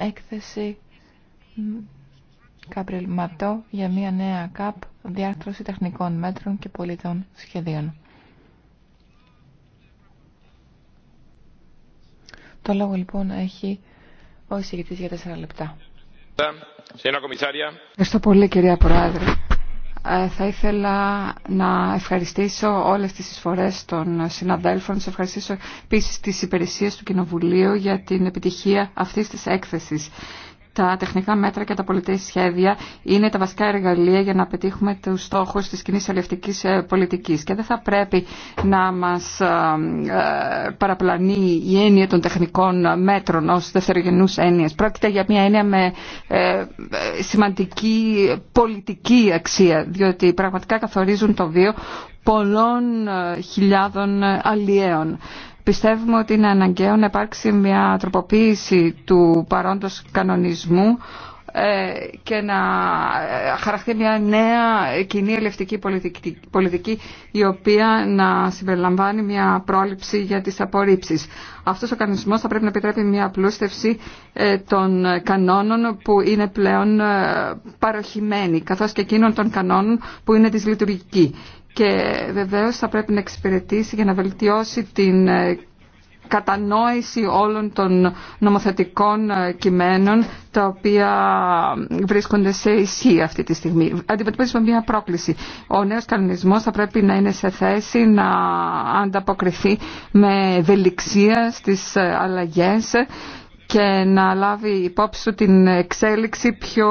έκθεση Κάμπριλ για μια νέα ΚΑΠ διάρθρωση τεχνικών μέτρων και πολιτών σχεδίων. Το λόγο λοιπόν έχει ο εισηγητής για τέσσερα λεπτά. Ευχαριστώ πολύ κυρία Πρόεδρε. Ε, θα ήθελα να ευχαριστήσω όλες τις εισφορές των συναδέλφων, να ευχαριστήσω επίσης τις υπηρεσίες του Κοινοβουλίου για την επιτυχία αυτής της έκθεσης τα τεχνικά μέτρα και τα πολιτικά σχέδια είναι τα βασικά εργαλεία για να πετύχουμε τους στόχους της κοινή αλληλευτικής ε, πολιτικής και δεν θα πρέπει να μας ε, ε, παραπλανεί η έννοια των τεχνικών μέτρων ως δευτερογενούς έννοιες. Πρόκειται για μια έννοια με σημαντική πολιτική αξία διότι πραγματικά καθορίζουν το βίο πολλών χιλιάδων αλλιέων. Πιστεύουμε ότι είναι αναγκαίο να υπάρξει μια τροποποίηση του παρόντος κανονισμού ε, και να ε, χαραχθεί μια νέα κοινή ελευτική πολιτική, η οποία να συμπεριλαμβάνει μια πρόληψη για τις απορρίψεις. Αυτός ο κανονισμός θα πρέπει να επιτρέπει μια πλούστευση ε, των κανόνων που είναι πλέον παροχημένοι καθώς και εκείνων των κανόνων που είναι λειτουργική και βεβαίως θα πρέπει να εξυπηρετήσει για να βελτιώσει την ε, κατανόηση όλων των νομοθετικών ε, κειμένων τα οποία βρίσκονται σε ισχύ αυτή τη στιγμή. Αντιμετωπίζουμε μια πρόκληση. Ο νέος κανονισμός θα πρέπει να είναι σε θέση να ανταποκριθεί με ευελιξία στις ε, αλλαγές και να λάβει υπόψη την εξέλιξη πιο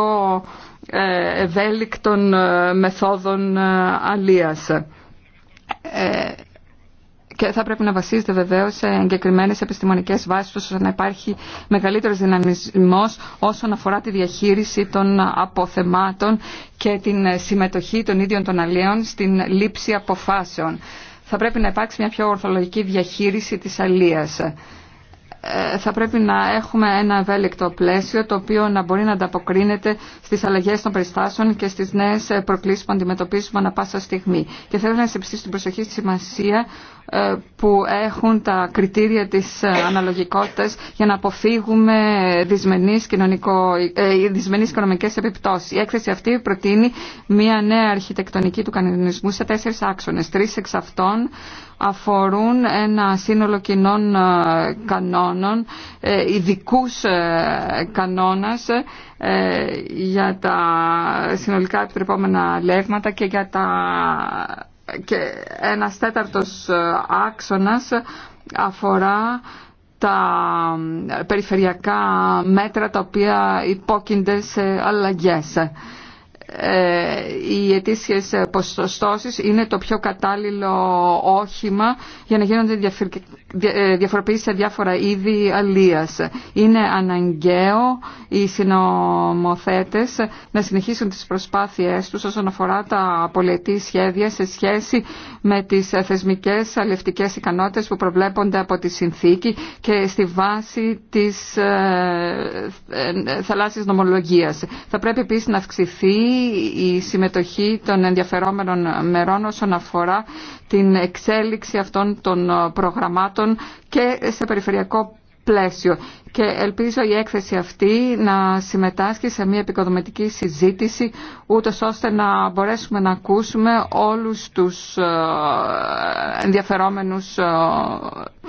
ε, ευέλικτων ε, μεθόδων ε, αλίας. Και θα πρέπει να βασίζεται βεβαίως σε εγκεκριμένε επιστημονικές βάσεις ώστε να υπάρχει μεγαλύτερος δυναμισμός όσον αφορά τη διαχείριση των αποθεμάτων και την συμμετοχή των ίδιων των αλλίων στην λήψη αποφάσεων. Θα πρέπει να υπάρξει μια πιο ορθολογική διαχείριση της αλίας. Ε, θα πρέπει να έχουμε ένα ευέλικτο πλαίσιο το οποίο να μπορεί να ανταποκρίνεται στις αλλαγές των περιστάσεων και στις νέες ε, προκλήσεις που αντιμετωπίσουμε ανα πάσα στιγμή. Και θέλω να σα επιστήσω την προσοχή στη σημασία ε, που έχουν τα κριτήρια της αναλογικότητας για να αποφύγουμε δυσμενείς, κοινωνικο... δυσμενείς οικονομικές επιπτώσεις. Η έκθεση αυτή προτείνει μια νέα αρχιτεκτονική του κανονισμού σε τέσσερις άξονες. Τρεις εξ αυτών αφορούν ένα σύνολο κοινών ε, κανόνων, ε, ειδικού ε, κανόνας για τα συνολικά επιτρεπόμενα λεύματα και για τα και ένα τέταρτος άξονας αφορά τα περιφερειακά μέτρα τα οποία υπόκεινται σε αλλαγές. Ε, οι ετήσιε ποσοστώσει είναι το πιο κατάλληλο όχημα για να γίνονται ε, διαφοροποιήσει σε διάφορα είδη αλίας. Είναι αναγκαίο οι συνομοθέτες να συνεχίσουν τις προσπάθειές τους όσον αφορά τα πολιετή σχέδια σε σχέση με τις θεσμικέ αλευτικές ικανότητες που προβλέπονται από τη συνθήκη και στη βάση της ε, θαλάσσιας νομολογίας. Θα πρέπει επίσης να αυξηθεί η συμμετοχή των ενδιαφερόμενων μερών όσον αφορά την εξέλιξη αυτών των προγραμμάτων και σε περιφερειακό πλαίσιο. Και ελπίζω η έκθεση αυτή να συμμετάσχει σε μια επικοδομητική συζήτηση, ούτω ώστε να μπορέσουμε να ακούσουμε όλους τους ε, ενδιαφερόμενους ε,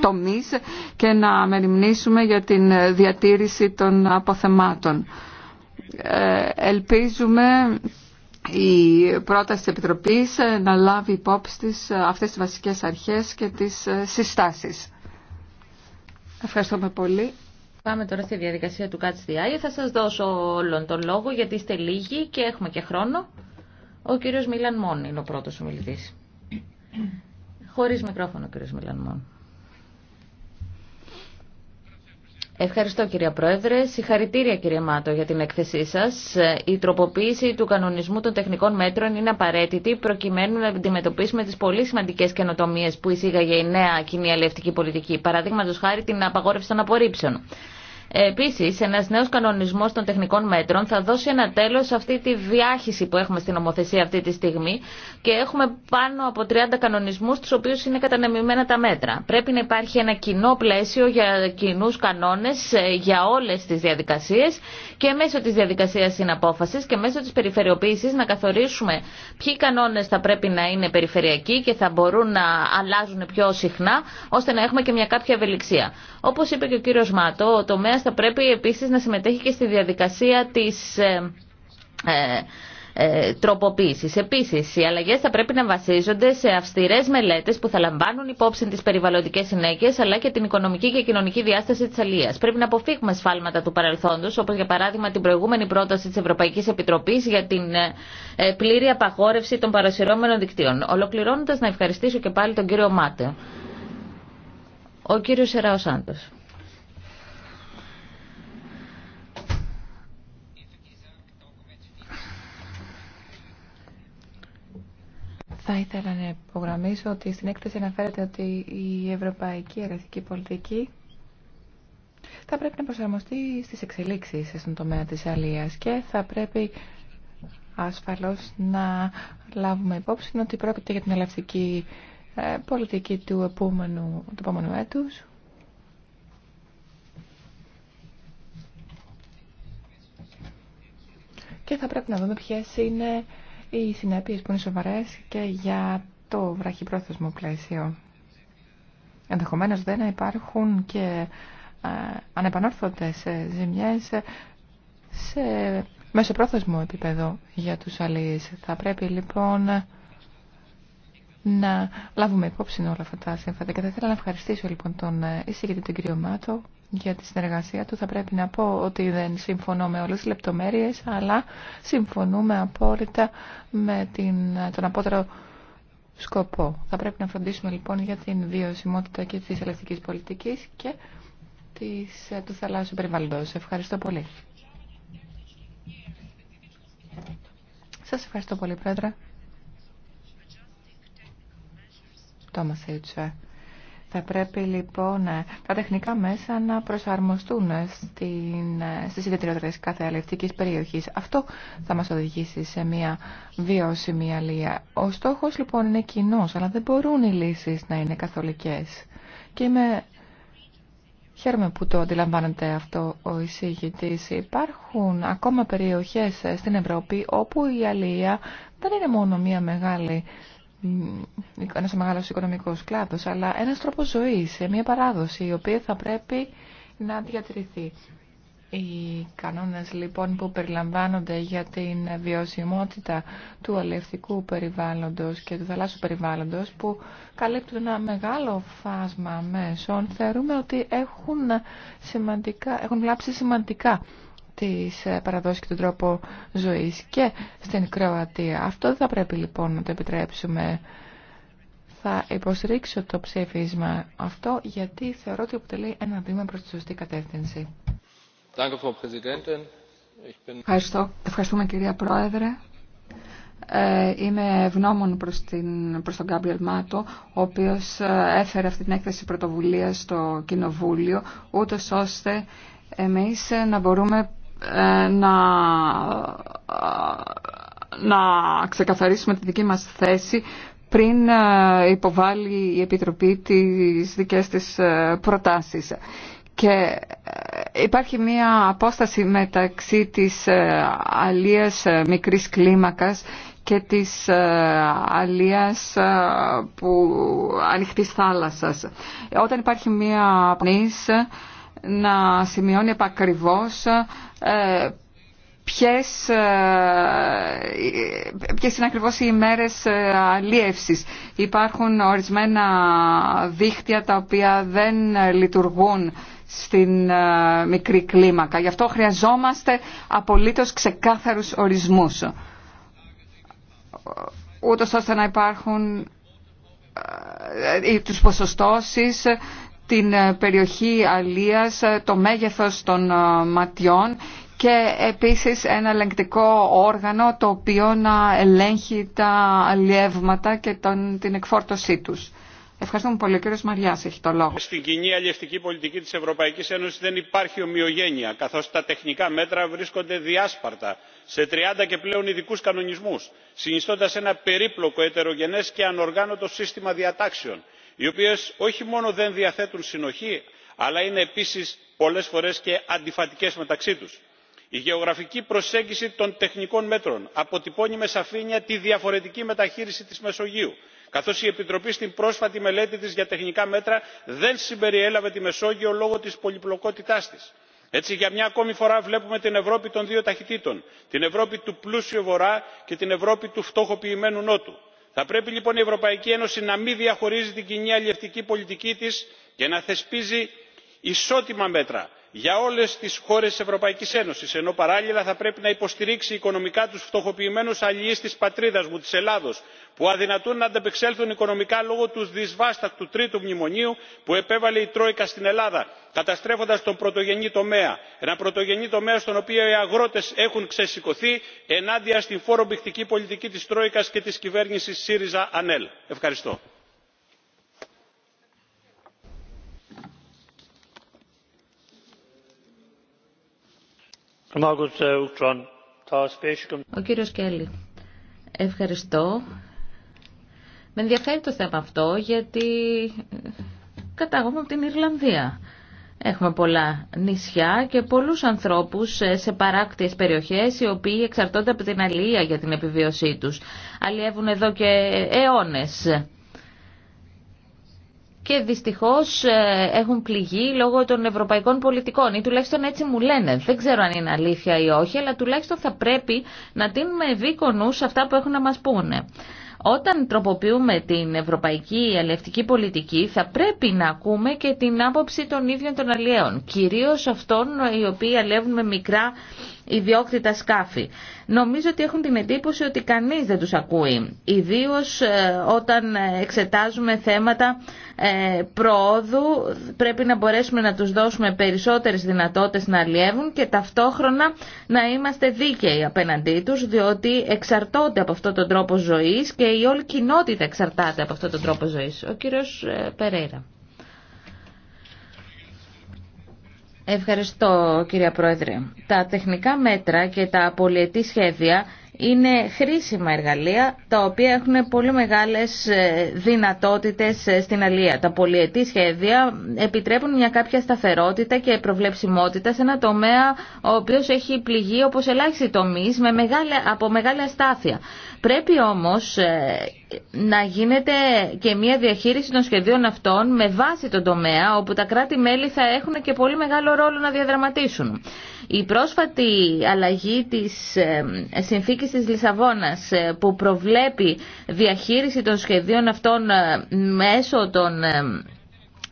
τομείς και να μεριμνήσουμε για την διατήρηση των αποθεμάτων. Ε, ελπίζουμε η πρόταση της Επιτροπής ε, να λάβει υπόψη της ε, αυτές τις βασικές αρχές και τις συστάσεις. Ευχαριστούμε πολύ. Πάμε τώρα στη διαδικασία του ΚΑΤΣΔΙ. Θα σας δώσω όλον τον λόγο γιατί είστε λίγοι και έχουμε και χρόνο. Ο κύριος Μιλαν είναι ο πρώτος ομιλητής. Χωρίς μικρόφωνο ο κύριος Μιλαν Ευχαριστώ κυρία Πρόεδρε. Συγχαρητήρια κύριε Μάτο για την έκθεσή σας. Ε, η τροποποίηση του κανονισμού των τεχνικών μέτρων είναι απαραίτητη προκειμένου να αντιμετωπίσουμε τις πολύ σημαντικές καινοτομίες που εισήγαγε η νέα κοινή αλληλευτική πολιτική. Παραδείγματος χάρη την απαγόρευση των απορρίψεων. Επίση, ένα νέο κανονισμό των τεχνικών μέτρων θα δώσει ένα τέλο σε αυτή τη διάχυση που έχουμε στην νομοθεσία αυτή τη στιγμή και έχουμε πάνω από 30 κανονισμού του οποίου είναι κατανεμημένα τα μέτρα. Πρέπει να υπάρχει ένα κοινό πλαίσιο για κοινού κανόνε ε, για όλε τι διαδικασίε και μέσω τη διαδικασία συναπόφαση και μέσω τη περιφερειοποίηση να καθορίσουμε ποιοι κανόνε θα πρέπει να είναι περιφερειακοί και θα μπορούν να αλλάζουν πιο συχνά ώστε να έχουμε και μια κάποια ευελιξία. Όπω είπε και ο κύριο Μάτο, ο τομέα θα πρέπει επίσης να συμμετέχει και στη διαδικασία της ε, ε, ε, τροποποίησης. Επίσης, οι αλλαγές θα πρέπει να βασίζονται σε αυστηρές μελέτες που θα λαμβάνουν υπόψη τις περιβαλλοντικές συνέχειες αλλά και την οικονομική και κοινωνική διάσταση της αλίας. Πρέπει να αποφύγουμε σφάλματα του παρελθόντος όπως για παράδειγμα την προηγούμενη πρόταση της Ευρωπαϊκής Επιτροπής για την πλήρη απαγόρευση των παρασυρώμενων δικτύων. Ολοκληρώνοντας να ευχαριστήσω και πάλι τον κύριο Μάτε. Ο κύριος Σεράος Άντος. Θα ήθελα να υπογραμμίσω ότι στην έκθεση αναφέρεται ότι η ευρωπαϊκή ελευθερική πολιτική θα πρέπει να προσαρμοστεί στις εξελίξεις στον τομέα της αλίας και θα πρέπει ασφαλώς να λάβουμε υπόψη ότι πρόκειται για την ελευθερική ε, πολιτική του επόμενου, του επόμενου έτους. Και θα πρέπει να δούμε ποιες είναι οι συνέπειε που είναι σοβαρέ και για το βραχυπρόθεσμο πλαίσιο. Ενδεχομένω δεν υπάρχουν και ε, ανεπανόρθωτες ε, ζημιές σε μεσοπρόθεσμο επίπεδο για τους αλληλείς. Θα πρέπει λοιπόν να λάβουμε υπόψη όλα αυτά τα σύμφωνα. Και θα ήθελα να ευχαριστήσω λοιπόν τον ε, εισηγητή τον κύριο Μάτο για τη συνεργασία του. Θα πρέπει να πω ότι δεν συμφωνώ με όλες τις λεπτομέρειες, αλλά συμφωνούμε απόλυτα με την, ε, τον απότερο σκοπό. Θα πρέπει να φροντίσουμε λοιπόν για την βιωσιμότητα και της ελευθερικής πολιτικής και της, ε, του θαλάσσιου περιβαλλοντός. Ευχαριστώ πολύ. Σας ευχαριστώ πολύ, Πρόεδρε. Θα πρέπει λοιπόν τα τεχνικά μέσα να προσαρμοστούν στην, στις ιδιαιτερότητες κάθε αλληλευτικής περιοχής. Αυτό θα μας οδηγήσει σε μια βιώσιμη αλία. Ο στόχος λοιπόν είναι κοινό, αλλά δεν μπορούν οι λύσεις να είναι καθολικές. Και είμαι... Χαίρομαι που το αντιλαμβάνεται αυτό ο εισήγητης. Υπάρχουν ακόμα περιοχές στην Ευρώπη όπου η αλία δεν είναι μόνο μια μεγάλη ένας μεγάλος οικονομικός κλάδος, αλλά ένας τρόπος ζωής, ε, μια παράδοση η οποία θα πρέπει να διατηρηθεί. Οι κανόνες λοιπόν που περιλαμβάνονται για την βιωσιμότητα του αλληλευτικού περιβάλλοντος και του θαλάσσιου περιβάλλοντος που καλύπτουν ένα μεγάλο φάσμα μέσων θεωρούμε ότι έχουν, σημαντικά, έχουν λάψει σημαντικά τις ε, παραδόσεις και τον τρόπο ζωής και στην Κροατία. Αυτό δεν θα πρέπει λοιπόν να το επιτρέψουμε. Θα υποστηρίξω το ψήφισμα αυτό γιατί θεωρώ ότι αποτελεί ένα βήμα προς τη σωστή κατεύθυνση. Ευχαριστώ. Ευχαριστούμε κυρία Πρόεδρε. Ε, είμαι ευγνώμων προς, την, τον Γκάμπριελ Μάτο, ο οποίος ε, έφερε αυτή την έκθεση πρωτοβουλία στο Κοινοβούλιο, ούτως ώστε εμείς να μπορούμε ε, να, ε, να ξεκαθαρίσουμε τη δική μας θέση πριν ε, υποβάλει η Επιτροπή τις δικές της προτάσεις. Και υπάρχει μία απόσταση μεταξύ της αλίας μικρής κλίμακας και της αλίας που ανοιχτής θάλασσας. Όταν υπάρχει μία πνής, να σημειώνει επακριβώς ε, ε, ε, ποιες, είναι ακριβώς οι ημέρες αλίευσης. Υπάρχουν ορισμένα δίχτυα τα οποία δεν λειτουργούν στην μικρή κλίμακα. Γι' αυτό χρειαζόμαστε απολύτως ξεκάθαρους ορισμούς. Ούτως ώστε να υπάρχουν τους ποσοστώσεις, την ε, περιοχή αλίας, ε, το μέγεθος των ε, ματιών και επίσης ένα ελεγκτικό όργανο το οποίο να ελέγχει τα αλλιεύματα και τον, την εκφόρτωσή τους. Ευχαριστούμε πολύ. Ο κύριος Μαριάς έχει το λόγο. Στην κοινή αλλιευτική πολιτική της Ευρωπαϊκής Ένωσης δεν υπάρχει ομοιογένεια, καθώς τα τεχνικά μέτρα βρίσκονται διάσπαρτα σε 30 και πλέον ειδικού κανονισμούς, συνιστώντας ένα περίπλοκο, ετερογενές και ανοργάνωτο σύστημα διατάξεων οι οποίε όχι μόνο δεν διαθέτουν συνοχή αλλά είναι επίση πολλέ φορέ και αντιφατικέ μεταξύ του. η γεωγραφική προσέγγιση των τεχνικών μέτρων αποτυπώνει με σαφήνεια τη διαφορετική μεταχείριση τη μεσογείου καθώ η επιτροπή στην πρόσφατη μελέτη τη για τεχνικά μέτρα δεν συμπεριέλαβε τη μεσόγειο λόγω τη πολυπλοκότητάς τη. έτσι για μια ακόμη φορά βλέπουμε την ευρώπη των δύο ταχυτήτων την ευρώπη του πλούσιου βορρά και την ευρώπη του φτωχοποιημένου νότου θα πρέπει λοιπόν η ευρωπαϊκή ένωση να μην διαχωρίζει την κοινή αλληλευτική πολιτική της και να θεσπίζει ισότιμα μέτρα για όλε τι χώρε τη Ευρωπαϊκή Ένωση, ενώ παράλληλα θα πρέπει να υποστηρίξει οικονομικά του φτωχοποιημένου αλληλείς τη Πατρίδα μου τη Ελλάδο, που αδυνατούν να ανταπεξέλθουν οικονομικά λόγω του δυσβάστακτου τρίτου μνημονίου που επέβαλε η τρόικα στην ελλάδα καταστρέφοντα τον πρωτογενή τομέα ένα πρωτογενή τομέα στον οποίο οι αγρότες έχουν ξεσηκωθεί ενάντια στην φόρομπηχτική πολιτική τη Τροϊκα και τη κυβέρνηση ΣΥΡΙΖΑ ανέλ. ευχαριστώ. Ο κύριο Κέλλη, ευχαριστώ. Με ενδιαφέρει το θέμα αυτό γιατί ε, κατάγομαι από την Ιρλανδία. Έχουμε πολλά νησιά και πολλούς ανθρώπους ε, σε παράκτιες περιοχές οι οποίοι εξαρτώνται από την αλληλεία για την επιβίωσή τους. Αλλιεύουν εδώ και αιώνες και δυστυχώς ε, έχουν πληγεί λόγω των ευρωπαϊκών πολιτικών ή τουλάχιστον έτσι μου λένε. Δεν ξέρω αν είναι αλήθεια ή όχι, αλλά τουλάχιστον θα πρέπει να τίνουμε ευήκονους αυτά που έχουν να μας πούνε. Όταν τροποποιούμε την ευρωπαϊκή αλληλευτική πολιτική θα πρέπει να ακούμε και την άποψη των ίδιων των αλλιέων, κυρίως αυτών οι οποίοι αλεύουν με μικρά ιδιόκτητα σκάφη. Νομίζω ότι έχουν την εντύπωση ότι κανείς δεν τους ακούει, ιδίως ε, όταν εξετάζουμε θέματα ε, προόδου πρέπει να μπορέσουμε να τους δώσουμε περισσότερες δυνατότητες να αλλιεύουν και ταυτόχρονα να είμαστε δίκαιοι απέναντί τους διότι εξαρτώνται από αυτόν τον τρόπο ζωής και η όλη κοινότητα εξαρτάται από αυτόν τον τρόπο ζωής. Ο κύριος ε, Περέιρα. Ευχαριστώ κυρία Πρόεδρε. Τα τεχνικά μέτρα και τα πολιετή σχέδια είναι χρήσιμα εργαλεία τα οποία έχουν πολύ μεγάλες ε, δυνατότητες ε, στην αλία. Τα πολιετή σχέδια επιτρέπουν μια κάποια σταθερότητα και προβλεψιμότητα σε ένα τομέα ο οποίος έχει πληγεί όπως ελάχιστοι τομείς με μεγάλη, από μεγάλη αστάθεια. Πρέπει όμως ε, να γίνεται και μια διαχείριση των σχεδίων αυτών με βάση τον τομέα όπου τα κράτη-μέλη θα έχουν και πολύ μεγάλο ρόλο να διαδραματίσουν. Η πρόσφατη αλλαγή της ε, συνθήκης της Λισαβόνας ε, που προβλέπει διαχείριση των σχεδίων αυτών ε, μέσω των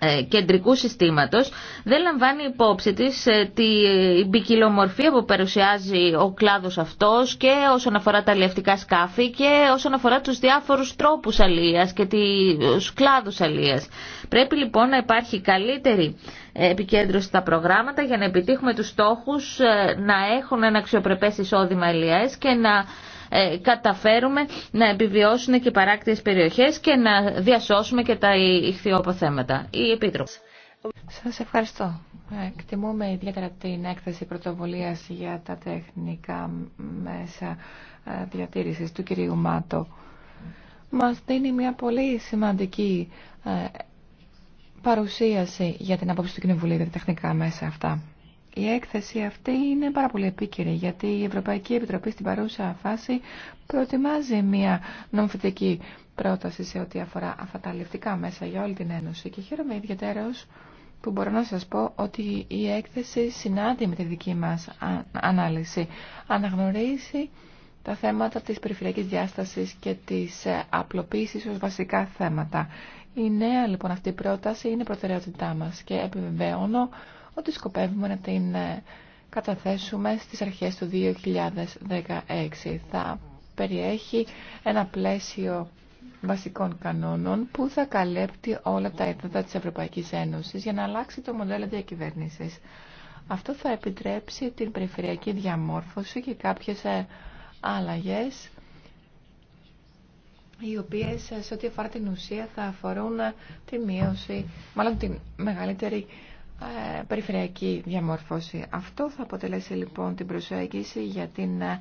ε, κεντρικού συστήματος δεν λαμβάνει υπόψη της ε, την ποικιλομορφία που παρουσιάζει ο κλάδος αυτός και όσον αφορά τα αλλιευτικά σκάφη και όσον αφορά τους διάφορους τρόπους αλίας και τους κλάδους αλίας. Πρέπει λοιπόν να υπάρχει καλύτερη επικέντρωση στα προγράμματα για να επιτύχουμε τους στόχους ε, να έχουν ένα αξιοπρεπές εισόδημα αλίας και να ε, καταφέρουμε να επιβιώσουν και οι παράκτιες περιοχές και να διασώσουμε και τα θέματα, Η Επίτροπο. Σας ευχαριστώ. Εκτιμούμε ιδιαίτερα την έκθεση πρωτοβουλίας για τα τεχνικά μέσα ε, διατήρησης του κυρίου Μάτο. Μας δίνει μια πολύ σημαντική ε, παρουσίαση για την απόψη του Κοινοβουλίου για τα τεχνικά μέσα αυτά. Η έκθεση αυτή είναι πάρα πολύ επίκαιρη γιατί η Ευρωπαϊκή Επιτροπή στην παρούσα φάση προετοιμάζει μια νομοθετική πρόταση σε ό,τι αφορά αυτά μέσα για όλη την Ένωση και χαίρομαι ιδιαίτερος που μπορώ να σας πω ότι η έκθεση συνάδει με τη δική μας ανάλυση. Αναγνωρίζει τα θέματα της περιφερειακής διάστασης και της ε, απλοποίησης ως βασικά θέματα. Η νέα λοιπόν αυτή πρόταση είναι προτεραιότητά μας και επιβεβαιώνω ότι σκοπεύουμε να την ε, καταθέσουμε στις αρχές του 2016. Θα περιέχει ένα πλαίσιο βασικών κανόνων που θα καλύπτει όλα τα έντατα της Ευρωπαϊκής Ένωσης για να αλλάξει το μοντέλο διακυβέρνησης. Αυτό θα επιτρέψει την περιφερειακή διαμόρφωση και κάποιες ε, αλλαγές οι οποίες ε, σε ό,τι αφορά την ουσία θα αφορούν τη μείωση, μάλλον την μεγαλύτερη ε, περιφερειακή διαμόρφωση. Αυτό θα αποτελέσει λοιπόν την προσέγγιση για την ε,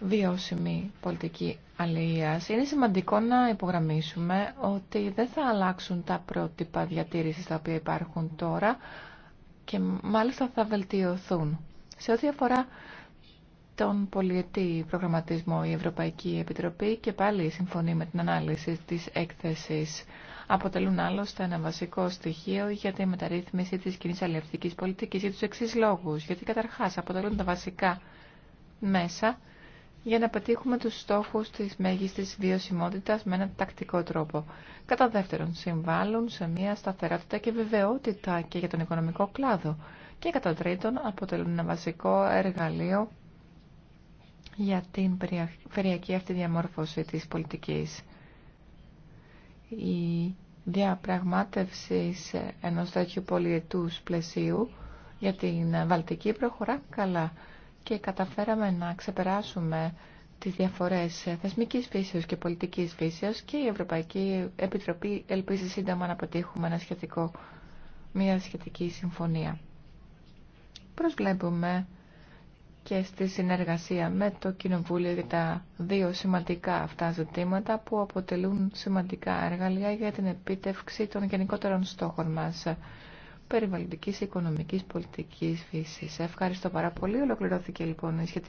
βιώσιμη πολιτική αλληλείας. Είναι σημαντικό να υπογραμμίσουμε ότι δεν θα αλλάξουν τα πρότυπα διατήρησης τα οποία υπάρχουν τώρα και μάλιστα θα βελτιωθούν. Σε ό,τι αφορά τον πολιετή προγραμματισμό η Ευρωπαϊκή Επιτροπή και πάλι συμφωνεί με την ανάλυση της έκθεσης. Αποτελούν άλλωστε ένα βασικό στοιχείο για τη μεταρρύθμιση της κοινή αλληλευτικής πολιτικής για τους εξή λόγους. Γιατί καταρχάς αποτελούν τα βασικά μέσα για να πετύχουμε τους στόχους της μέγιστης βιωσιμότητας με ένα τακτικό τρόπο. Κατά δεύτερον, συμβάλλουν σε μια σταθερότητα και βεβαιότητα και για τον οικονομικό κλάδο. Και κατά τρίτον, αποτελούν ένα βασικό εργαλείο για την περιφερειακή αυτή διαμόρφωση της πολιτικής. Η διαπραγμάτευση ενός τέτοιου πολιετούς πλαισίου για την Βαλτική προχωρά καλά και καταφέραμε να ξεπεράσουμε τις διαφορές θεσμικής φύσεως και πολιτικής φύσεως και η Ευρωπαϊκή Επιτροπή ελπίζει σύντομα να πετύχουμε ένα σχετικό, μια σχετική συμφωνία. Προσβλέπουμε και στη συνεργασία με το Κοινοβούλιο για τα δύο σημαντικά αυτά ζητήματα που αποτελούν σημαντικά εργαλεία για την επίτευξη των γενικότερων στόχων μας περιβαλλοντικής οικονομικής πολιτικής φύσης. Ευχαριστώ πάρα πολύ. Ολοκληρώθηκε λοιπόν η σχετική